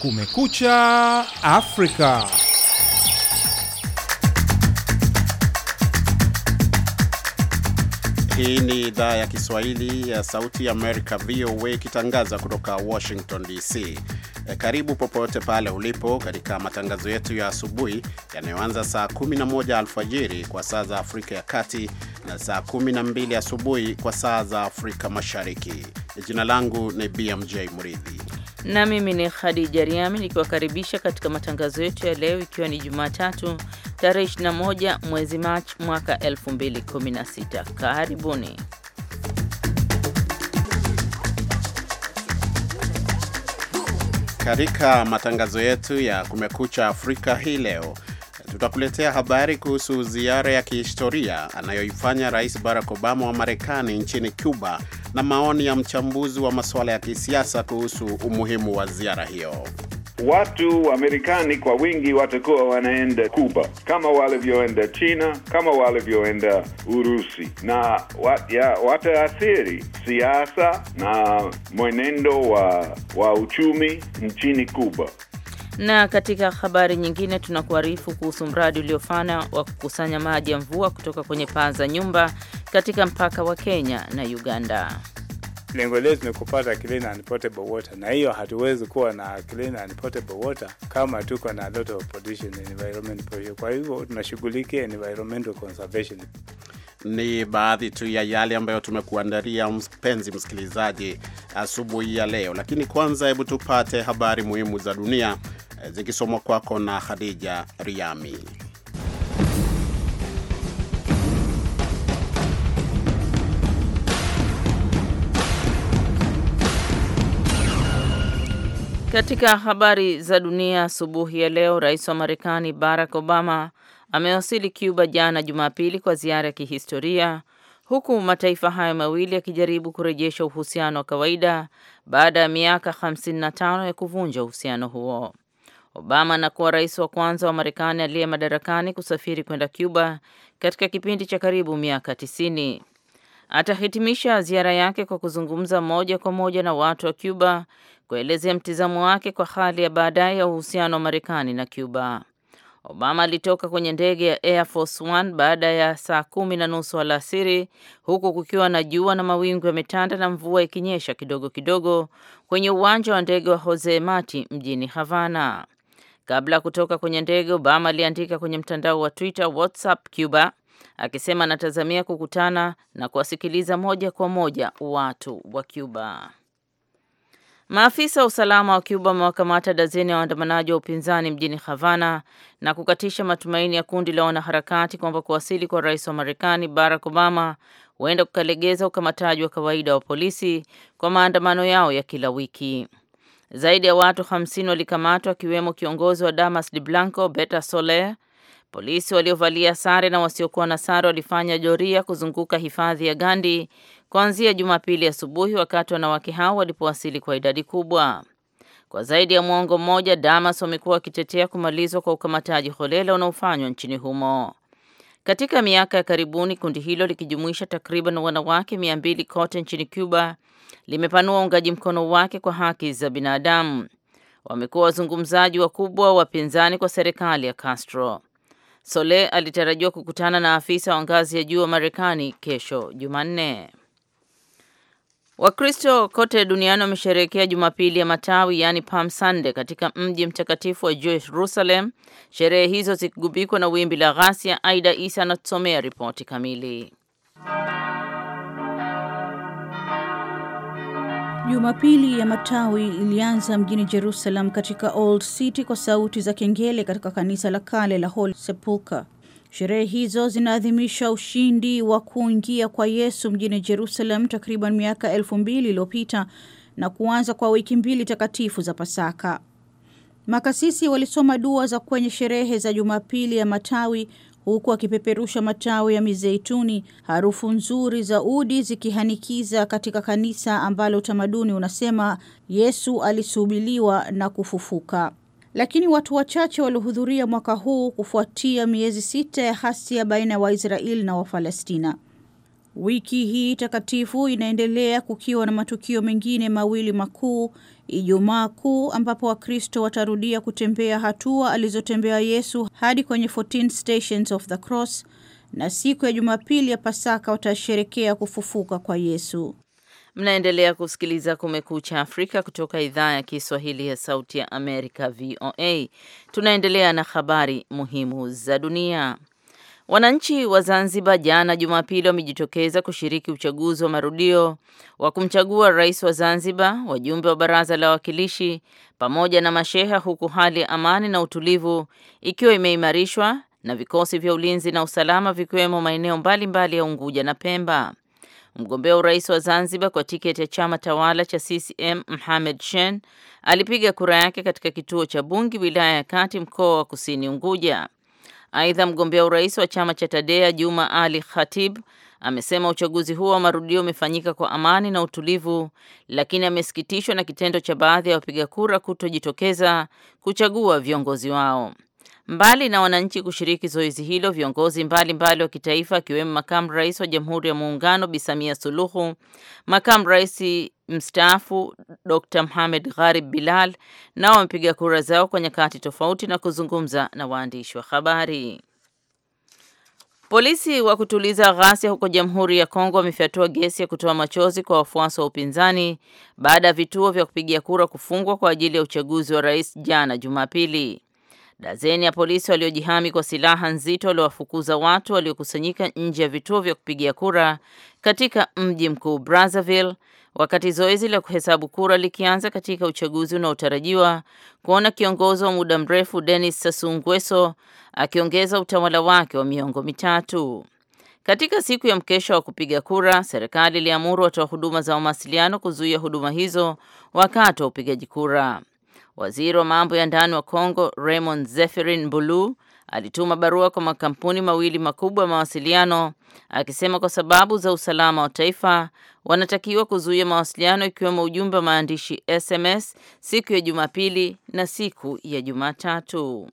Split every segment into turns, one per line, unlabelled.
Kumekucha Afrika.
Hii ni idhaa ya Kiswahili ya Sauti ya Amerika, VOA, ikitangaza kutoka Washington DC. Eh, karibu popote pale ulipo katika matangazo yetu ya asubuhi yanayoanza saa 11 alfajiri kwa saa za Afrika ya Kati na saa 12 asubuhi kwa saa za Afrika Mashariki. Jina langu ni BMJ Mridhi
na mimi ni Khadija Riami nikiwakaribisha katika matangazo yetu ya leo, ikiwa ni Jumatatu tarehe 21 mwezi Machi mwaka 2016. Karibuni.
Katika matangazo yetu ya Kumekucha Afrika hii leo tutakuletea habari kuhusu ziara ya kihistoria anayoifanya Rais Barack Obama wa Marekani nchini Cuba na maoni ya mchambuzi wa masuala ya kisiasa kuhusu umuhimu wa ziara hiyo.
Watu wa Marekani kwa wingi watakuwa wanaenda Kuba kama walivyoenda China, kama walivyoenda Urusi, na wataathiri siasa na mwenendo wa, wa uchumi nchini Kuba.
Na katika habari nyingine, tunakuarifu kuhusu mradi uliofana wa kukusanya maji ya mvua kutoka kwenye paa za nyumba katika mpaka wa Kenya na Uganda.
Lengo letu ni kupata clean and potable water, na hiyo hatuwezi kuwa na clean and potable water kama tuko na lot of pollution environment pollution. Kwa hivyo tunashughulikia environmental conservation.
Ni baadhi tu ya yale ambayo tumekuandalia mpenzi msikilizaji, asubuhi ya leo, lakini kwanza, hebu tupate habari muhimu za dunia eh, zikisomwa kwako na Khadija Riami.
Katika habari za dunia asubuhi ya leo, rais wa Marekani Barack Obama amewasili Cuba jana Jumapili kwa ziara ya kihistoria, huku mataifa hayo mawili yakijaribu kurejesha uhusiano wa kawaida baada ya miaka 55 ya kuvunja uhusiano huo. Obama anakuwa rais wa kwanza wa Marekani aliye madarakani kusafiri kwenda Cuba katika kipindi cha karibu miaka 90. Atahitimisha ziara yake kwa kuzungumza moja kwa moja na watu wa Cuba kuelezea mtizamo wake kwa hali ya baadaye ya uhusiano wa Marekani na Cuba. Obama alitoka kwenye ndege ya Air Force One baada ya saa kumi na nusu alasiri huku kukiwa na jua na mawingu yametanda na mvua ikinyesha kidogo kidogo kwenye uwanja wa ndege wa Jose Marti mjini Havana. Kabla ya kutoka kwenye ndege, Obama aliandika kwenye mtandao wa Twitter, WhatsApp Cuba, akisema anatazamia kukutana na kuwasikiliza moja kwa moja watu wa Cuba. Maafisa wa usalama wa Cuba wamewakamata dazeni ya waandamanaji wa upinzani mjini Havana na kukatisha matumaini ya kundi la wanaharakati kwamba kuwasili kwa rais wa Marekani Barack Obama huenda kukalegeza ukamataji wa kawaida wa polisi kwa maandamano yao ya kila wiki. Zaidi ya watu 50 walikamatwa akiwemo kiongozi wa Damas de Blanco Beta Soler. Polisi waliovalia sare na wasiokuwa na sare walifanya joria kuzunguka hifadhi ya Gandhi kuanzia Jumapili asubuhi wakati wanawake hao walipowasili kwa idadi kubwa. Kwa zaidi ya mwongo mmoja, Damas wamekuwa wakitetea kumalizwa kwa ukamataji holela unaofanywa nchini humo. Katika miaka ya karibuni, kundi hilo likijumuisha takriban wanawake mia mbili kote nchini Cuba limepanua uungaji mkono wake kwa haki za binadamu. Wamekuwa wazungumzaji wakubwa wapinzani kwa serikali ya Castro. sole alitarajiwa kukutana na afisa wa ngazi ya juu wa Marekani kesho Jumanne. Wakristo kote duniani wamesherehekea Jumapili ya Matawi, yaani Palm Sunday, katika mji mtakatifu wa Jerusalem, sherehe hizo zikigubikwa na wimbi la ghasia. Aida Isa anatusomea ripoti kamili.
Jumapili ya Matawi ilianza mjini Jerusalem katika Old City kwa sauti za kengele katika kanisa la kale la Holy Sepulchre. Sherehe hizo zinaadhimisha ushindi wa kuingia kwa Yesu mjini Jerusalem takriban miaka elfu mbili iliyopita na kuanza kwa wiki mbili takatifu za Pasaka. Makasisi walisoma dua za kwenye sherehe za Jumapili ya Matawi huku akipeperusha matawi ya mizeituni, harufu nzuri za udi zikihanikiza katika kanisa ambalo utamaduni unasema Yesu alisubiliwa na kufufuka lakini watu wachache walihudhuria mwaka huu kufuatia miezi sita ya hasia baina ya Waisraeli na Wafalestina. Wiki hii takatifu inaendelea kukiwa na matukio mengine mawili makuu, Ijumaa Kuu ambapo Wakristo watarudia kutembea hatua alizotembea Yesu hadi kwenye 14 Stations of the Cross na siku ya Jumapili ya Pasaka watasherekea kufufuka kwa Yesu.
Mnaendelea kusikiliza Kumekucha Afrika kutoka idhaa ya Kiswahili ya Sauti ya Amerika, VOA. Tunaendelea na habari muhimu za dunia. Wananchi wa Zanzibar jana Jumapili wamejitokeza kushiriki uchaguzi wa marudio wa kumchagua rais wa Zanzibar, wajumbe wa baraza la wawakilishi pamoja na masheha, huku hali ya amani na utulivu ikiwa imeimarishwa na vikosi vya ulinzi na usalama vikiwemo maeneo mbalimbali ya Unguja na Pemba. Mgombea urais wa Zanzibar kwa tiketi ya chama tawala cha CCM Mohamed shen alipiga kura yake katika kituo cha Bungi wilaya ya Kati mkoa wa Kusini Unguja. Aidha, mgombea urais wa chama cha Tadea Juma Ali Khatib amesema uchaguzi huo wa marudio umefanyika kwa amani na utulivu, lakini amesikitishwa na kitendo cha baadhi ya wapiga kura kutojitokeza kuchagua viongozi wao. Mbali na wananchi kushiriki zoezi hilo, viongozi mbalimbali wa kitaifa akiwemo makamu rais wa Jamhuri ya Muungano Bi Samia Suluhu, makamu rais mstaafu Dr. Mohamed Gharib Bilal nao wamepiga kura zao kwa nyakati tofauti na kuzungumza na waandishi wa habari. Polisi wa kutuliza ghasia huko Jamhuri ya Kongo wamefyatua gesi ya kutoa machozi kwa wafuasi wa upinzani baada ya vituo vya kupigia kura kufungwa kwa ajili ya uchaguzi wa rais jana Jumapili. Dazeni ya polisi waliojihami kwa silaha nzito waliwafukuza watu waliokusanyika nje ya vituo vya kupigia kura katika mji mkuu Brazzaville wakati zoezi la kuhesabu kura likianza katika uchaguzi unaotarajiwa kuona kiongozi wa muda mrefu Denis Sassou Nguesso akiongeza utawala wake wa miongo mitatu. Katika siku ya mkesha wa kupiga kura, serikali iliamuru watoa huduma za mawasiliano kuzuia huduma hizo wakati wa upigaji kura. Waziri wa mambo ya ndani wa congo Raymond zeferin Bulu alituma barua kwa makampuni mawili makubwa ya mawasiliano akisema kwa sababu za usalama wa taifa wanatakiwa kuzuia mawasiliano ikiwemo ujumbe wa maandishi SMS siku ya Jumapili na siku ya Jumatatu.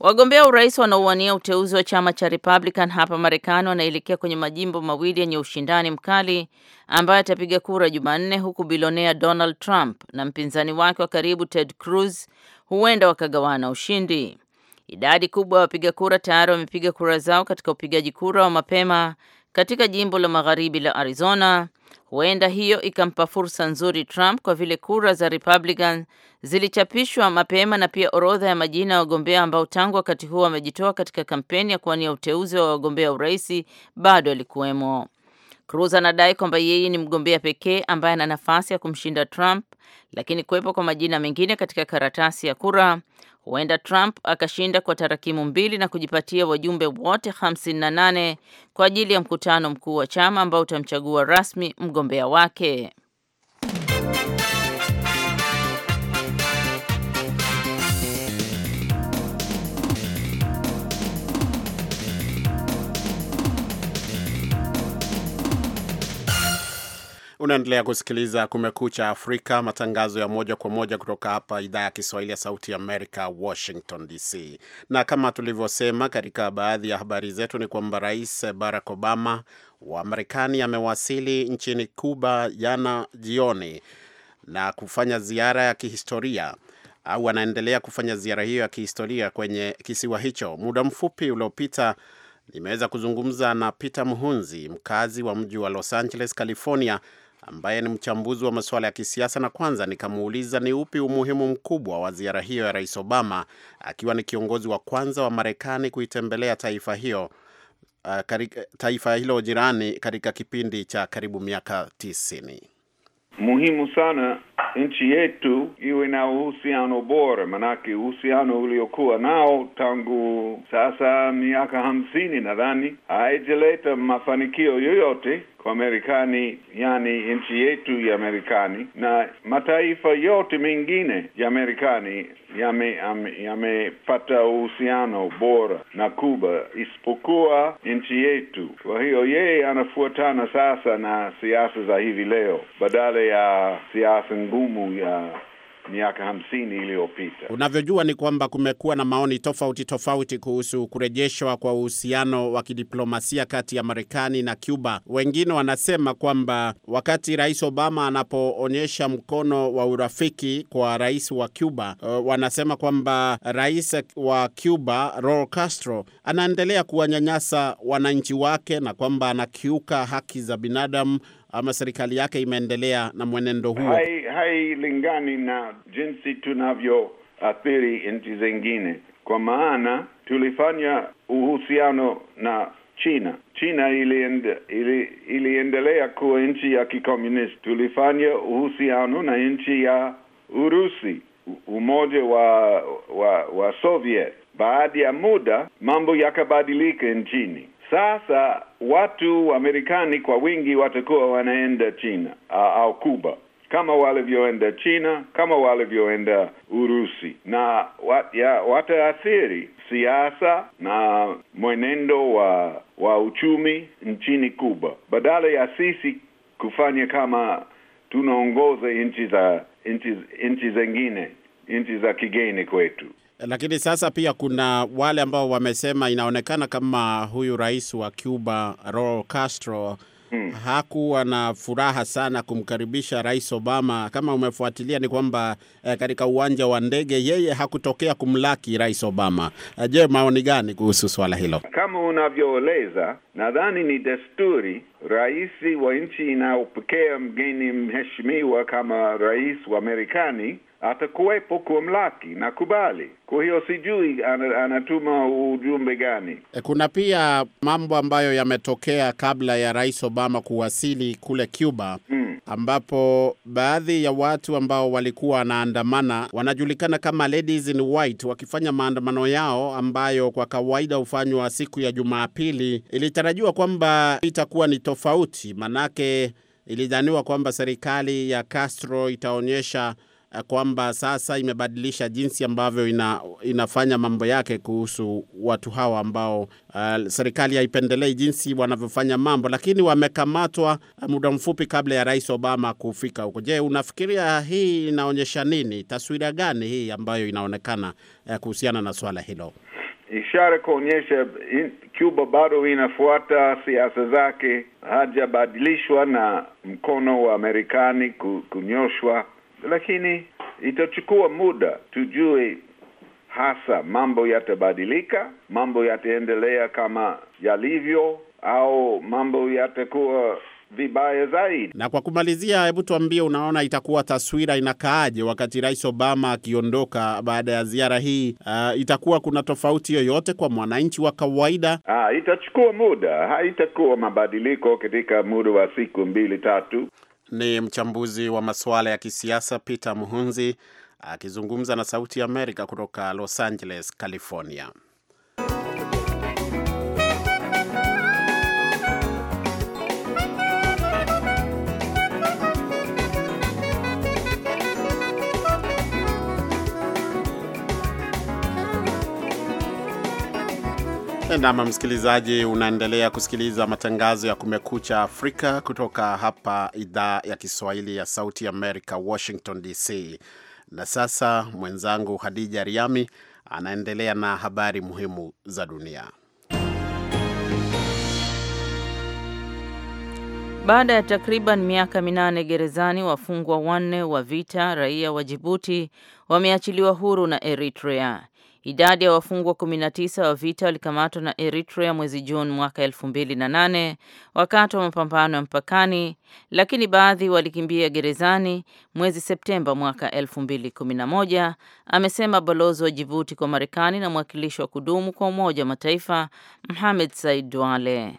Wagombea urais wanaowania uteuzi wa chama cha Republican hapa Marekani wanaelekea kwenye majimbo mawili yenye ushindani mkali ambayo atapiga kura Jumanne, huku bilionea Donald Trump na mpinzani wake wa karibu Ted Cruz huenda wakagawana ushindi. Idadi kubwa ya wapiga kura tayari wamepiga kura zao katika upigaji kura wa mapema katika jimbo la magharibi la Arizona. Huenda hiyo ikampa fursa nzuri Trump kwa vile kura za Republican zilichapishwa mapema na pia orodha ya majina ya wagombea ambao tangu wakati huo wamejitoa katika kampeni ya kuwania uteuzi wa wagombea urais bado alikuwemo. Cruz anadai kwamba yeye ni mgombea pekee ambaye ana nafasi ya kumshinda Trump, lakini kuwepo kwa majina mengine katika karatasi ya kura Huenda Trump akashinda kwa tarakimu mbili na kujipatia wajumbe wote 58 kwa ajili ya mkutano mkuu wa chama ambao utamchagua rasmi mgombea wake.
Unaendelea kusikiliza Kumekucha Afrika, matangazo ya moja kwa moja kutoka hapa idhaa ya Kiswahili ya Sauti Amerika, Washington DC. Na kama tulivyosema katika baadhi ya habari zetu ni kwamba Rais Barack Obama wa Marekani amewasili nchini Cuba jana jioni na kufanya ziara ya kihistoria au anaendelea kufanya ziara hiyo ya kihistoria kwenye kisiwa hicho. Muda mfupi uliopita nimeweza kuzungumza na Peter Mhunzi, mkazi wa mji wa Los Angeles, California, ambaye ni mchambuzi wa masuala ya kisiasa, na kwanza nikamuuliza ni upi umuhimu mkubwa wa ziara hiyo ya Rais Obama akiwa ni kiongozi wa kwanza wa Marekani kuitembelea taifa hiyo uh, karika, taifa hilo jirani katika kipindi cha karibu miaka tisini.
Muhimu sana nchi yetu iwe na uhusiano bora, manake uhusiano uliokuwa nao tangu sasa miaka hamsini nadhani haijaleta mafanikio yoyote kwa Marekani, yani nchi yetu ya Marekani na mataifa yote mengine ya Marekani yamepata yame uhusiano bora na Kuba isipokuwa nchi yetu. Kwa hiyo yeye anafuatana sasa na siasa za hivi leo badala ya siasa ngumu ya miaka hamsini iliyopita.
Unavyojua ni kwamba kumekuwa na maoni tofauti tofauti kuhusu kurejeshwa kwa uhusiano wa kidiplomasia kati ya Marekani na Cuba. Wengine wanasema kwamba wakati Rais Obama anapoonyesha mkono wa urafiki kwa rais wa Cuba, uh, wanasema kwamba rais wa Cuba Raul Castro anaendelea kuwanyanyasa wananchi wake na kwamba anakiuka haki za binadamu ama serikali yake imeendelea na mwenendo huo?
Hailingani hai na jinsi tunavyoathiri nchi zingine, kwa maana tulifanya uhusiano na China. China iliende, ili, iliendelea kuwa nchi ya kikomunisti. Tulifanya uhusiano na nchi ya Urusi, umoja wa, wa, wa Soviet. Baada ya muda mambo yakabadilika nchini sasa watu wa Marekani kwa wingi watakuwa wanaenda China au kuba kama walivyoenda China, kama walivyoenda Urusi, na wat, ya, wataathiri siasa na mwenendo wa wa uchumi nchini kuba badala ya sisi kufanya kama tunaongoza nchi za nchi nchi za kigeni kwetu. Lakini
sasa pia kuna wale ambao wamesema inaonekana kama huyu rais wa Cuba Raul Castro hmm, hakuwa na furaha sana kumkaribisha Rais Obama. Kama umefuatilia ni kwamba eh, katika uwanja wa ndege yeye hakutokea kumlaki Rais Obama. Eh, je, maoni gani kuhusu swala hilo?
Kama unavyoeleza, nadhani ni desturi rais wa nchi inayopokea mgeni mheshimiwa kama rais wa Marekani hata kuwepo kwa mlaki na kubali. Kwa hiyo sijui anatuma ujumbe gani.
E, kuna pia mambo ambayo yametokea kabla ya Rais Obama kuwasili kule Cuba hmm ambapo baadhi ya watu ambao walikuwa wanaandamana wanajulikana kama Ladies in White wakifanya maandamano yao ambayo kwa kawaida hufanywa siku ya Jumapili. Ilitarajiwa kwamba itakuwa ni tofauti, manake ilidhaniwa kwamba serikali ya Castro itaonyesha kwamba sasa imebadilisha jinsi ambavyo ina, inafanya mambo yake kuhusu watu hawa ambao uh, serikali haipendelei jinsi wanavyofanya mambo, lakini wamekamatwa eh, muda mfupi kabla ya Rais Obama kufika huko. Je, unafikiria hii inaonyesha nini? Taswira gani hii ambayo inaonekana uh, kuhusiana na swala hilo?
Ishara kuonyesha Cuba bado inafuata siasa zake, hajabadilishwa na mkono wa Marekani kunyoshwa lakini itachukua muda tujue hasa mambo yatabadilika, mambo yataendelea kama yalivyo, au mambo yatakuwa vibaya zaidi.
Na kwa kumalizia, hebu tuambie, unaona itakuwa taswira inakaaje wakati Rais Obama akiondoka baada ya ziara hii? Uh, itakuwa kuna tofauti yoyote kwa mwananchi wa kawaida?
Uh, itachukua muda, haitakuwa mabadiliko katika muda wa siku mbili tatu. Ni mchambuzi wa masuala
ya kisiasa Peter Muhunzi akizungumza na Sauti ya Amerika kutoka Los Angeles, California. Nam msikilizaji, unaendelea kusikiliza matangazo ya Kumekucha Afrika kutoka hapa idhaa ya Kiswahili ya Sauti Amerika, Washington DC. Na sasa mwenzangu Hadija Riami anaendelea na habari muhimu za dunia.
Baada ya takriban miaka minane gerezani, wafungwa wanne wa vita raia wa Jibuti wameachiliwa huru na Eritrea. Idadi ya wafungwa 19 wa vita walikamatwa na Eritrea mwezi Juni mwaka 2008 wakati wa mapambano ya mpakani, lakini baadhi walikimbia gerezani mwezi Septemba mwaka 2011, amesema balozi wa Jibuti kwa Marekani na mwakilishi wa kudumu kwa Umoja wa Mataifa Mohamed Said Duale.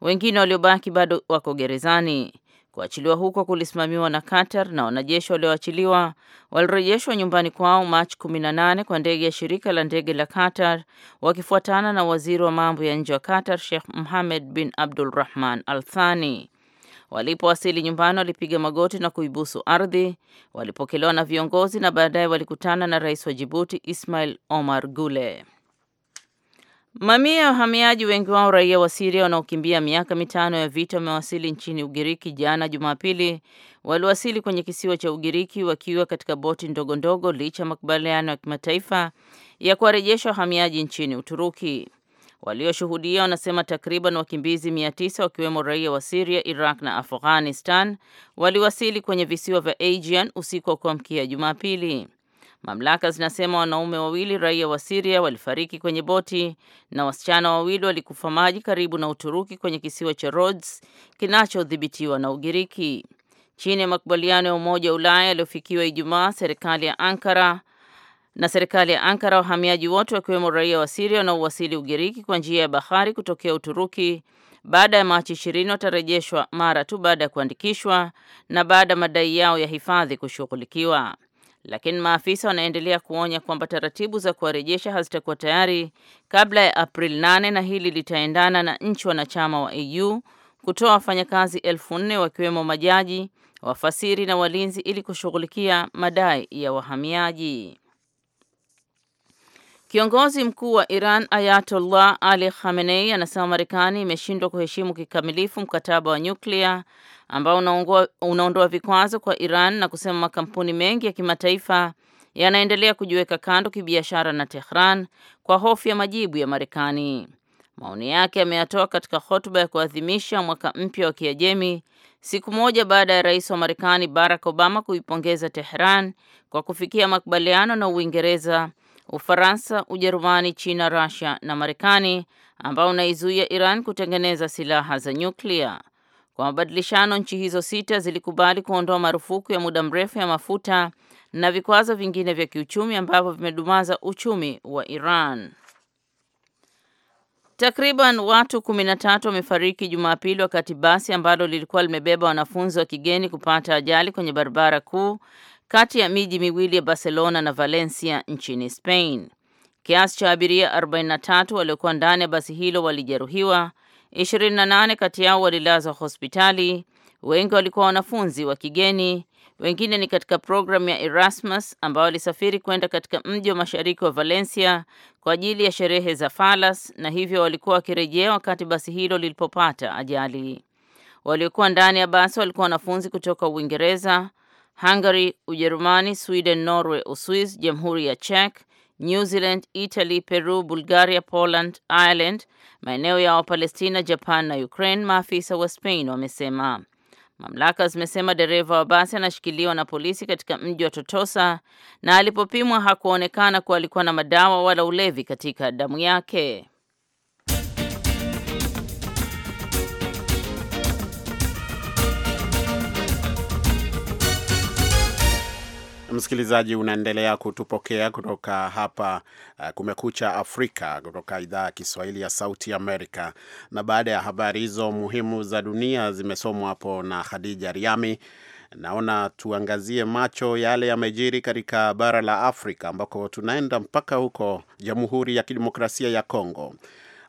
Wengine waliobaki bado wako gerezani. Kuachiliwa huko kulisimamiwa na Qatar na wanajeshi walioachiliwa walirejeshwa nyumbani kwao Machi 18 kwa ndege ya shirika la ndege la Qatar wakifuatana na waziri wa mambo ya nje wa Qatar Sheikh Mohammed bin Abdul Rahman Al Thani. Walipowasili nyumbani walipiga magoti na kuibusu ardhi, walipokelewa na viongozi na baadaye walikutana na rais wa Jibuti Ismail Omar Gule. Mamia ya wahamiaji, wengi wao raia wa Siria wanaokimbia miaka mitano ya vita, wamewasili nchini Ugiriki jana Jumapili. Waliwasili kwenye kisiwa cha Ugiriki wakiwa katika boti ndogo ndogo, licha ya makubaliano ya kimataifa ya kuwarejesha wahamiaji nchini Uturuki. Walioshuhudia wanasema takriban wakimbizi 900 wakiwemo raia wa Siria, Iraq na Afghanistan waliwasili kwenye visiwa vya Aegean usiku wa kuamkia Jumapili. Mamlaka zinasema wanaume wawili raia wa Siria walifariki kwenye boti na wasichana wawili walikufa maji karibu na Uturuki kwenye kisiwa cha Rhodes kinachodhibitiwa na Ugiriki. Chini ya makubaliano ya Umoja wa Ulaya yaliyofikiwa Ijumaa, serikali ya Ankara na serikali ya Ankara, wahamiaji wote wakiwemo raia wa Siria wanaowasili Ugiriki kwa njia ya bahari kutokea Uturuki baada ya Machi ishirini watarejeshwa mara tu baada ya kuandikishwa na baada ya madai yao ya hifadhi kushughulikiwa lakini maafisa wanaendelea kuonya kwamba taratibu za kuwarejesha hazitakuwa tayari kabla ya Aprili 8 na hili litaendana na nchi wanachama wa EU kutoa wafanyakazi elfu nne wakiwemo majaji, wafasiri na walinzi ili kushughulikia madai ya wahamiaji. Kiongozi mkuu wa Iran Ayatollah Ali Khamenei anasema Marekani imeshindwa kuheshimu kikamilifu mkataba wa nyuklia ambao unaondoa vikwazo kwa Iran na kusema makampuni mengi ya kimataifa yanaendelea kujiweka kando kibiashara na Tehran kwa hofu ya majibu ya Marekani. Maoni yake ameyatoa katika hotuba ya kuadhimisha mwaka mpya wa Kiajemi siku moja baada ya rais wa Marekani Barack Obama kuipongeza Tehran kwa kufikia makubaliano na Uingereza Ufaransa, Ujerumani, China, Russia na Marekani ambao unaizuia Iran kutengeneza silaha za nyuklia. Kwa mabadilishano, nchi hizo sita zilikubali kuondoa marufuku ya muda mrefu ya mafuta na vikwazo vingine vya kiuchumi ambavyo vimedumaza uchumi wa Iran. Takriban watu 13 wamefariki Jumapili wakati basi ambalo lilikuwa limebeba wanafunzi wa kigeni kupata ajali kwenye barabara kuu kati ya miji miwili ya Barcelona na Valencia nchini Spain. Kiasi cha abiria 43 waliokuwa ndani ya basi hilo walijeruhiwa, 28 kati yao walilazwa hospitali. Wengi walikuwa wanafunzi wa kigeni, wengine ni katika programu ya Erasmus ambao walisafiri kwenda katika mji wa mashariki wa Valencia kwa ajili ya sherehe za Falas na hivyo walikuwa wakirejea wakati basi hilo lilipopata ajali. Waliokuwa ndani ya basi walikuwa wanafunzi kutoka Uingereza, Hungary, Ujerumani, Sweden, Norway, Uswis, Jamhuri ya Czech, New Zealand, Italy, Peru, Bulgaria, Poland, Ireland, maeneo ya Wapalestina, Japan na Ukraine, maafisa wa Spain wamesema. Mamlaka zimesema dereva wa basi anashikiliwa na polisi katika mji wa Totosa na alipopimwa hakuonekana kuwa alikuwa na madawa wala ulevi katika damu yake.
Msikilizaji, unaendelea kutupokea kutoka hapa uh, Kumekucha Afrika kutoka idhaa ya Kiswahili ya Sauti Amerika. Na baada ya habari hizo muhimu za dunia zimesomwa hapo na Khadija Riami, naona tuangazie macho yale yamejiri katika bara la Afrika, ambako tunaenda mpaka huko Jamhuri ya Kidemokrasia ya Kongo,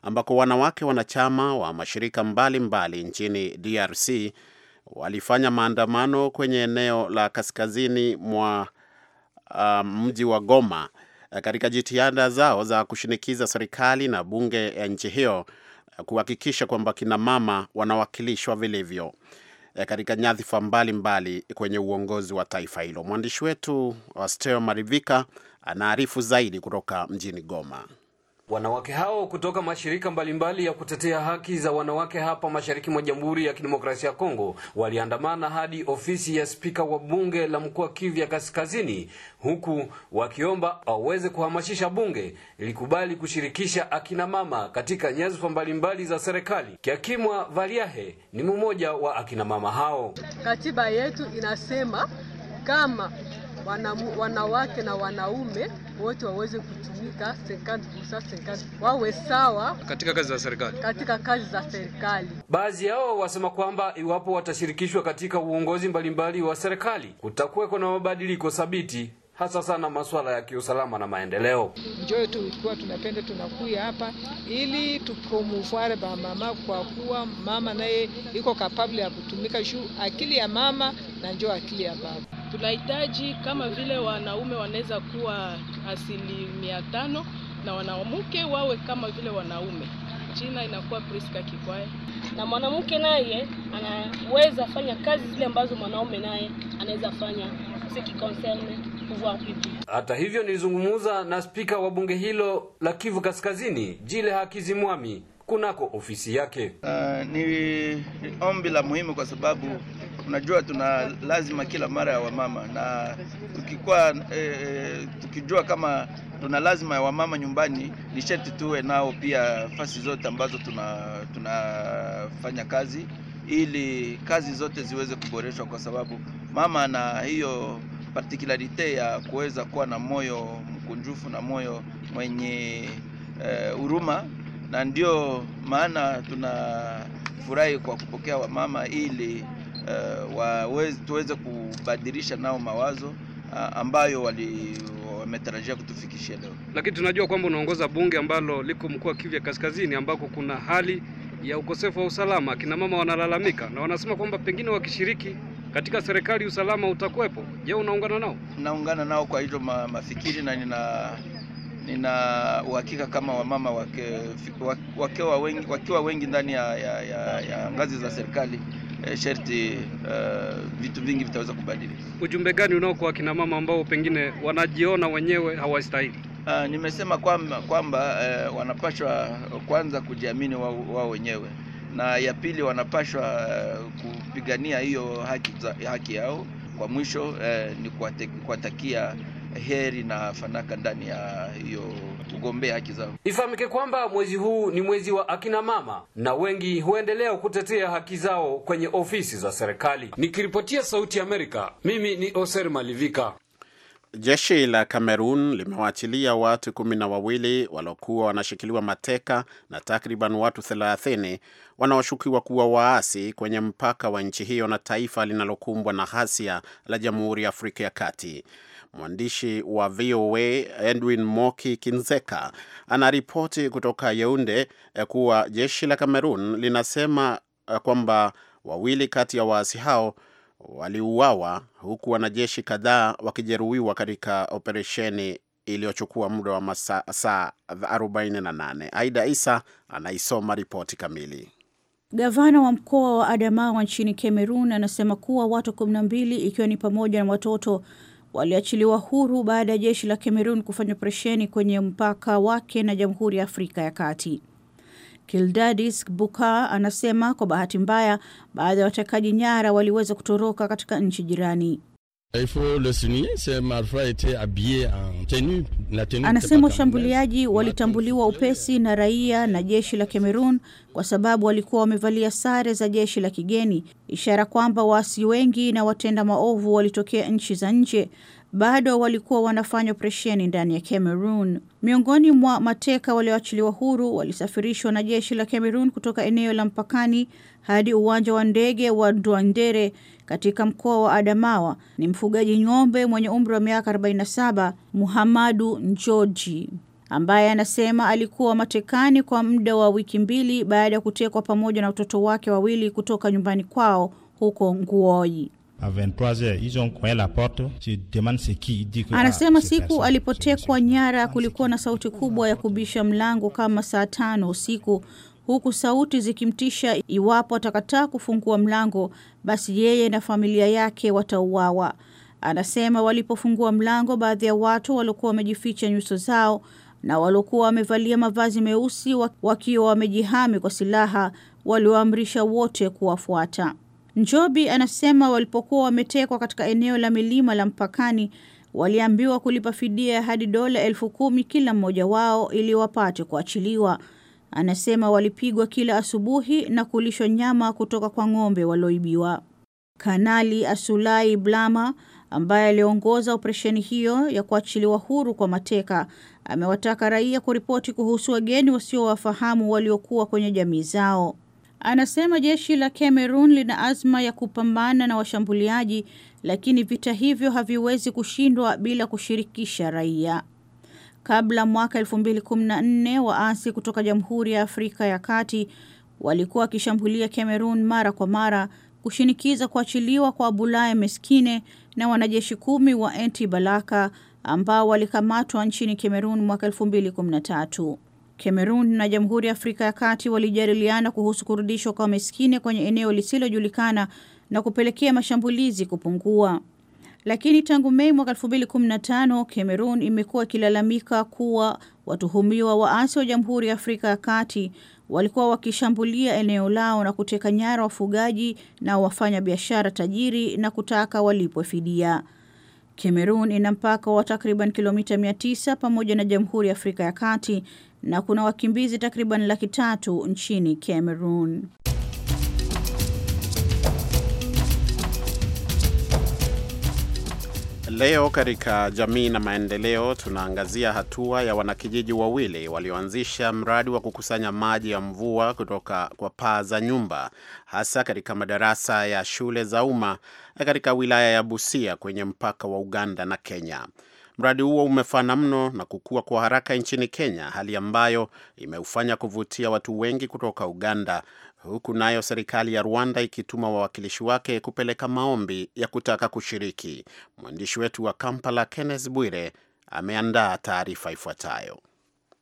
ambako wanawake wanachama wa mashirika mbalimbali mbali nchini DRC walifanya maandamano kwenye eneo la kaskazini mwa Um, mji wa Goma eh, katika jitihada zao za kushinikiza serikali na bunge ya nchi hiyo eh, kuhakikisha kwamba kina mama wanawakilishwa vilivyo eh, katika nyadhifa mbalimbali kwenye uongozi wa taifa hilo. Mwandishi wetu Asteo Marivika anaarifu zaidi kutoka mjini Goma.
Wanawake hao kutoka mashirika mbalimbali ya kutetea haki za wanawake hapa mashariki mwa Jamhuri ya Kidemokrasia ya Kongo waliandamana hadi ofisi ya spika wa bunge la mkoa Kivu Kaskazini, huku wakiomba aweze kuhamasisha bunge likubali kushirikisha akina mama katika nyadhifa mbalimbali za serikali. Kiakimwa Valiahe ni mmoja wa akina mama hao. Katiba yetu inasema kama wanamu, wanawake na wanaume wote waweze kutumika 50 wawe sawa katika kazi za serikali. Katika kazi za serikali, baadhi yao wasema kwamba iwapo watashirikishwa katika uongozi mbalimbali wa serikali kutakuweko na mabadiliko thabiti hasa sana masuala ya kiusalama na maendeleo. Njoo tukiwa tunapenda tunakuya hapa ili tupromuvuare ba mama, kwa kuwa mama
naye iko kapable ya kutumika shu akili ya mama na njoo akili ya baba tunahitaji kama vile wanaume wanaweza kuwa asilimia tano na wanamke wawe kama vile wanaume. Jina inakuwa Priska Kikwae. Na mwanamke naye anaweza fanya kazi zile ambazo mwanaume naye anaweza fanya
Hata hivyo, nilizungumza na spika wa bunge hilo la Kivu Kaskazini, Jile Hakizimwami kunako ofisi yake. Uh, ni
ombi la muhimu kwa sababu Unajua tuna lazima kila mara ya wamama na tukikuwa e, tukijua kama tuna lazima ya wamama nyumbani, ni sheti tuwe nao pia fasi zote ambazo tunafanya tuna kazi, ili kazi zote ziweze kuboreshwa, kwa sababu mama ana hiyo partikularite ya kuweza kuwa na moyo mkunjufu na moyo mwenye eh, huruma e, na ndio maana tunafurahi kwa kupokea wamama ili uh, eh, wawezi, tuweze kubadilisha nao mawazo uh, ambayo wali wametarajia kutufikishia leo. Lakini tunajua kwamba unaongoza
bunge ambalo liko mkoa wa Kivu Kaskazini ambako kuna hali ya ukosefu wa usalama. Kina mama wanalalamika na wanasema kwamba pengine wakishiriki katika serikali usalama utakuwepo. Je,
unaungana nao? Naungana nao kwa hizo ma, mafikiri na nina nina uhakika kama wamama wake, wakiwa wengi, wakiwa wengi ndani ya, ya, ya, ya ngazi za serikali Eh, sharti uh, vitu vingi vitaweza kubadilika.
Ujumbe gani unao kwa kina mama ambao pengine wanajiona wenyewe hawastahili? Uh, nimesema kwamba,
kwamba uh, wanapashwa kwanza kujiamini wao wa wenyewe na ya pili wanapashwa uh, kupigania hiyo haki, haki yao. Kwa mwisho uh, ni kuwatakia heri na fanaka ndani ya hiyo kugombea haki zao.
Ifahamike kwamba mwezi huu ni mwezi wa akina mama na wengi huendelea kutetea haki zao kwenye ofisi za serikali. Nikiripotia Sauti Amerika, mimi ni Oser
Malivika. Jeshi la Kamerun limewachilia watu kumi na wawili waliokuwa wanashikiliwa mateka na takriban watu 30 wanaoshukiwa kuwa waasi kwenye mpaka wa nchi hiyo na taifa linalokumbwa na ghasia la Jamhuri ya Afrika ya Kati. Mwandishi wa VOA Edwin Moki Kinzeka anaripoti kutoka Yeunde eh, kuwa jeshi la Kamerun linasema eh, kwamba wawili kati ya waasi hao waliuawa huku wanajeshi kadhaa wakijeruhiwa katika operesheni iliyochukua muda wa masaa saa 48. Aida Isa anaisoma ripoti kamili.
Gavana wa mkoa wa Adamawa nchini Kamerun anasema kuwa watu 12 ikiwa ni pamoja na watoto waliachiliwa huru baada ya jeshi la Cameroon kufanya operesheni kwenye mpaka wake na Jamhuri ya Afrika ya Kati. Kildadis Buka anasema kwa bahati mbaya, baadhi ya watekaji nyara waliweza kutoroka katika nchi jirani. Il faut
le souligner, Malfra était habillé en tenue, la tenue. Anasema washambuliaji
walitambuliwa upesi na raia na jeshi la Cameroon kwa sababu walikuwa wamevalia sare za jeshi la kigeni, ishara kwamba waasi wengi na watenda maovu walitokea nchi za nje bado walikuwa wanafanya operesheni ndani ya Cameroon. Miongoni mwa mateka walioachiliwa huru walisafirishwa na jeshi la Cameroon kutoka eneo la mpakani hadi uwanja wa ndege wa Douandere katika mkoa wa Adamawa. Ni mfugaji ng'ombe mwenye umri wa miaka 47 Muhamadu Njoji ambaye anasema alikuwa matekani kwa muda wa wiki mbili baada ya kutekwa pamoja na watoto wake wawili kutoka nyumbani kwao huko Nguoi.
23h, ils ont la porte.
c'est qui, il dit que anasema
ah, siku alipotekwa nyara kulikuwa na sauti kubwa ya kubisha mlango kama saa tano usiku huku sauti zikimtisha iwapo atakataa kufungua mlango basi yeye na familia yake watauawa. Anasema walipofungua mlango, baadhi ya watu waliokuwa wamejificha nyuso zao na waliokuwa wamevalia mavazi meusi wakiwa wamejihami kwa silaha, walioamrisha wote kuwafuata. Njobi anasema walipokuwa wametekwa katika eneo la milima la mpakani waliambiwa kulipa fidia hadi dola elfu kumi kila mmoja wao ili wapate kuachiliwa. Anasema walipigwa kila asubuhi na kulishwa nyama kutoka kwa ng'ombe walioibiwa. Kanali Asulai Blama ambaye aliongoza operesheni hiyo ya kuachiliwa huru kwa mateka amewataka raia kuripoti kuhusu wageni wasiowafahamu waliokuwa kwenye jamii zao. Anasema jeshi la Cameroon lina azma ya kupambana na washambuliaji, lakini vita hivyo haviwezi kushindwa bila kushirikisha raia. Kabla mwaka 2014 waasi kutoka Jamhuri ya Afrika ya Kati walikuwa wakishambulia Cameroon mara kwa mara kushinikiza kuachiliwa kwa Abulaye Meskine na wanajeshi kumi wa Enti Balaka ambao walikamatwa nchini Cameroon mwaka 2013. Cameroon na Jamhuri ya Afrika ya Kati walijadiliana kuhusu kurudishwa kwa maskini kwenye eneo lisilojulikana na kupelekea mashambulizi kupungua. Lakini tangu Mei mwaka 2015 Cameroon imekuwa ikilalamika kuwa watuhumiwa waasi wa Jamhuri ya Afrika ya Kati walikuwa wakishambulia eneo lao na kuteka nyara wafugaji na wafanya biashara tajiri na kutaka walipwe fidia. Cameroon ina mpaka wa takriban kilomita 900 pamoja na Jamhuri ya Afrika ya Kati na kuna wakimbizi takriban laki tatu nchini Cameroon.
Leo katika jamii na maendeleo tunaangazia hatua ya wanakijiji wawili walioanzisha mradi wa kukusanya maji ya mvua kutoka kwa paa za nyumba hasa katika madarasa ya shule za umma katika wilaya ya Busia kwenye mpaka wa Uganda na Kenya. Mradi huo umefana mno na kukua kwa haraka nchini Kenya, hali ambayo imeufanya kuvutia watu wengi kutoka Uganda, huku nayo serikali ya Rwanda ikituma wawakilishi wake kupeleka maombi ya kutaka kushiriki. Mwandishi wetu wa Kampala, Kenneth Bwire, ameandaa taarifa ifuatayo.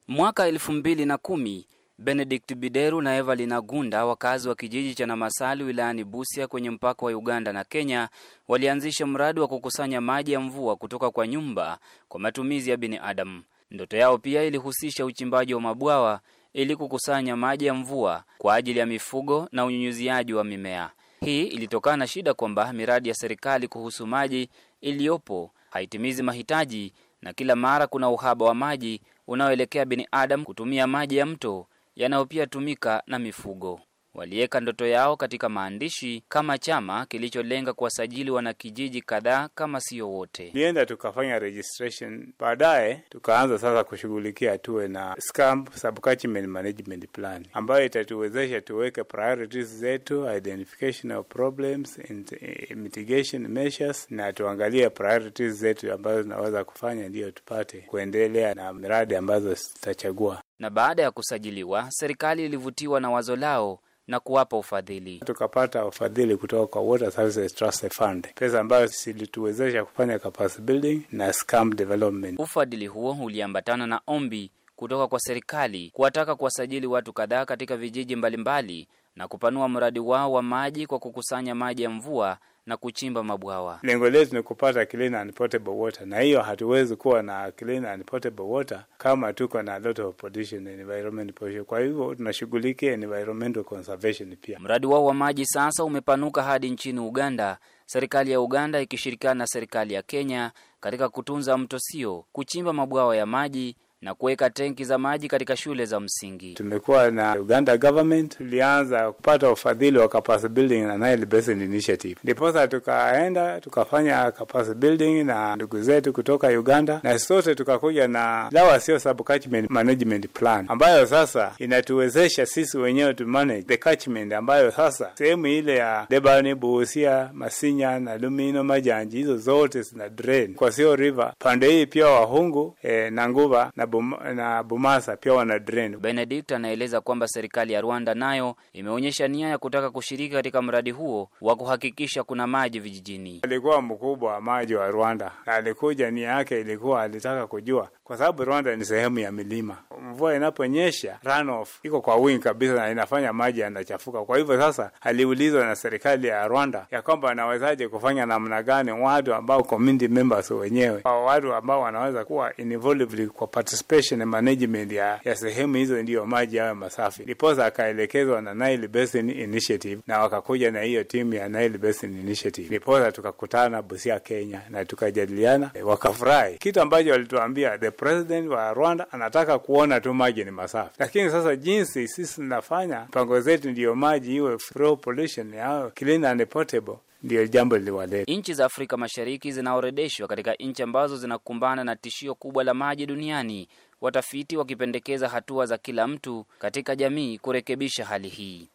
Mwaka elfu mbili na kumi Benedict Bideru na Evelyn Agunda, wakazi wa kijiji cha Namasali wilayani Busia kwenye mpaka wa Uganda na Kenya, walianzisha mradi wa kukusanya maji ya mvua kutoka kwa nyumba kwa matumizi ya binadamu. Ndoto yao pia ilihusisha uchimbaji wa mabwawa ili kukusanya maji ya mvua kwa ajili ya mifugo na unyunyuziaji wa mimea. Hii ilitokana na shida kwamba miradi ya serikali kuhusu maji iliyopo haitimizi mahitaji na kila mara kuna uhaba wa maji unaoelekea binadamu kutumia maji ya mto yanayopia tumika na mifugo waliweka ndoto yao katika maandishi kama chama kilicholenga kuwasajili wanakijiji kadhaa kama sio wote.
Tulienda tukafanya registration, baadaye tukaanza sasa kushughulikia tuwe na scam Subcatchment Management Plan, ambayo itatuwezesha tuweke priorities zetu, identification of problems and eh, mitigation measures, na tuangalie priorities zetu ambazo tunaweza kufanya ndiyo tupate kuendelea na miradi ambazo zitachagua.
Na baada ya kusajiliwa, serikali ilivutiwa na wazo lao na kuwapa ufadhili.
Tukapata ufadhili kutoka kwa Water Services Trust Fund, pesa ambayo zilituwezesha kufanya capacity building na scam development.
Ufadhili huo uliambatana na ombi kutoka kwa serikali kuwataka kuwasajili watu kadhaa katika vijiji mbalimbali mbali na kupanua mradi wao wa maji kwa kukusanya maji ya mvua na kuchimba mabwawa.
Lengo letu ni kupata clean and potable water, na hiyo hatuwezi kuwa na clean and potable water kama tuko na lot of pollution environment pollution. Kwa hivyo tunashughulikia environmental conservation pia. Mradi wao wa maji
sasa umepanuka hadi nchini Uganda, serikali ya Uganda ikishirikiana na serikali ya Kenya katika kutunza mto Sio, kuchimba mabwawa ya maji na kuweka tenki za maji katika
shule za msingi. Tumekuwa na Uganda government, tulianza kupata ufadhili wa capacity building na Nile Basin Initiative, ndiposa tukaenda tukafanya capacity building na ndugu zetu kutoka Uganda, na sote tukakuja na lawa sio sub catchment management plan, ambayo sasa inatuwezesha sisi wenyewe to manage the catchment, ambayo sasa sehemu ile ya Debani, Buhusia, Masinya na Lumino, Majanji, hizo zote zina drain kwa Sio River. Pande hii pia Wahungu eh, na Nguva na na Bumasa pia
wana drain. Benedict anaeleza kwamba serikali ya Rwanda nayo imeonyesha nia ya kutaka kushiriki
katika mradi huo wa kuhakikisha kuna maji vijijini. Alikuwa mkubwa wa maji wa Rwanda, alikuja nia yake ilikuwa alitaka kujua, kwa sababu Rwanda ni sehemu ya milima, mvua inaponyesha runoff iko kwa wingi kabisa na inafanya maji yanachafuka. Kwa hivyo sasa aliulizwa na serikali ya Rwanda ya kwamba anawezaje kufanya namna gani watu ambao community members wenyewe watu ambao wanaweza kuwa involved kwa participate administration and management ya, ya sehemu hizo ndiyo maji yawe masafi. Ndiposa akaelekezwa na Nile Basin Initiative na wakakuja na hiyo timu ya Nile Basin Initiative. Ndiposa tukakutana Busia, Kenya na tukajadiliana, eh, wakafurahi. Kitu ambacho walituambia the president wa Rwanda anataka kuona tu maji ni masafi, lakini sasa jinsi sisi tunafanya mpango zetu ndiyo maji iwe flow pollution yao clean and potable ndio jambo liliwaleta. Nchi za Afrika Mashariki zinaorodeshwa
katika nchi ambazo zinakumbana na tishio kubwa la maji duniani, watafiti wakipendekeza hatua za kila mtu katika jamii kurekebisha hali hii.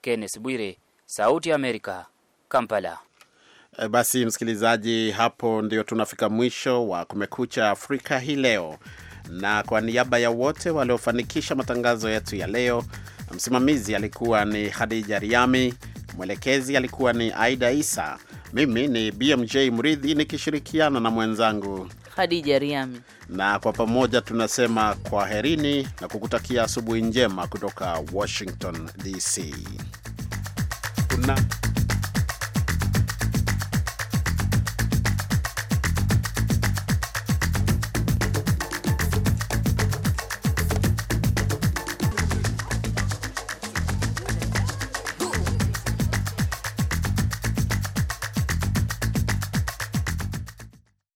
Kenneth Bwire, Sauti ya Amerika, Kampala.
E, basi msikilizaji, hapo ndio tunafika mwisho wa Kumekucha Afrika hii leo, na kwa niaba ya wote waliofanikisha matangazo yetu ya leo, msimamizi alikuwa ni Khadija Riami. Mwelekezi alikuwa ni Aida Isa. Mimi ni BMJ Mridhi nikishirikiana na mwenzangu Hadija Riami, na kwa pamoja tunasema kwaherini na kukutakia asubuhi njema kutoka Washington DC. Una...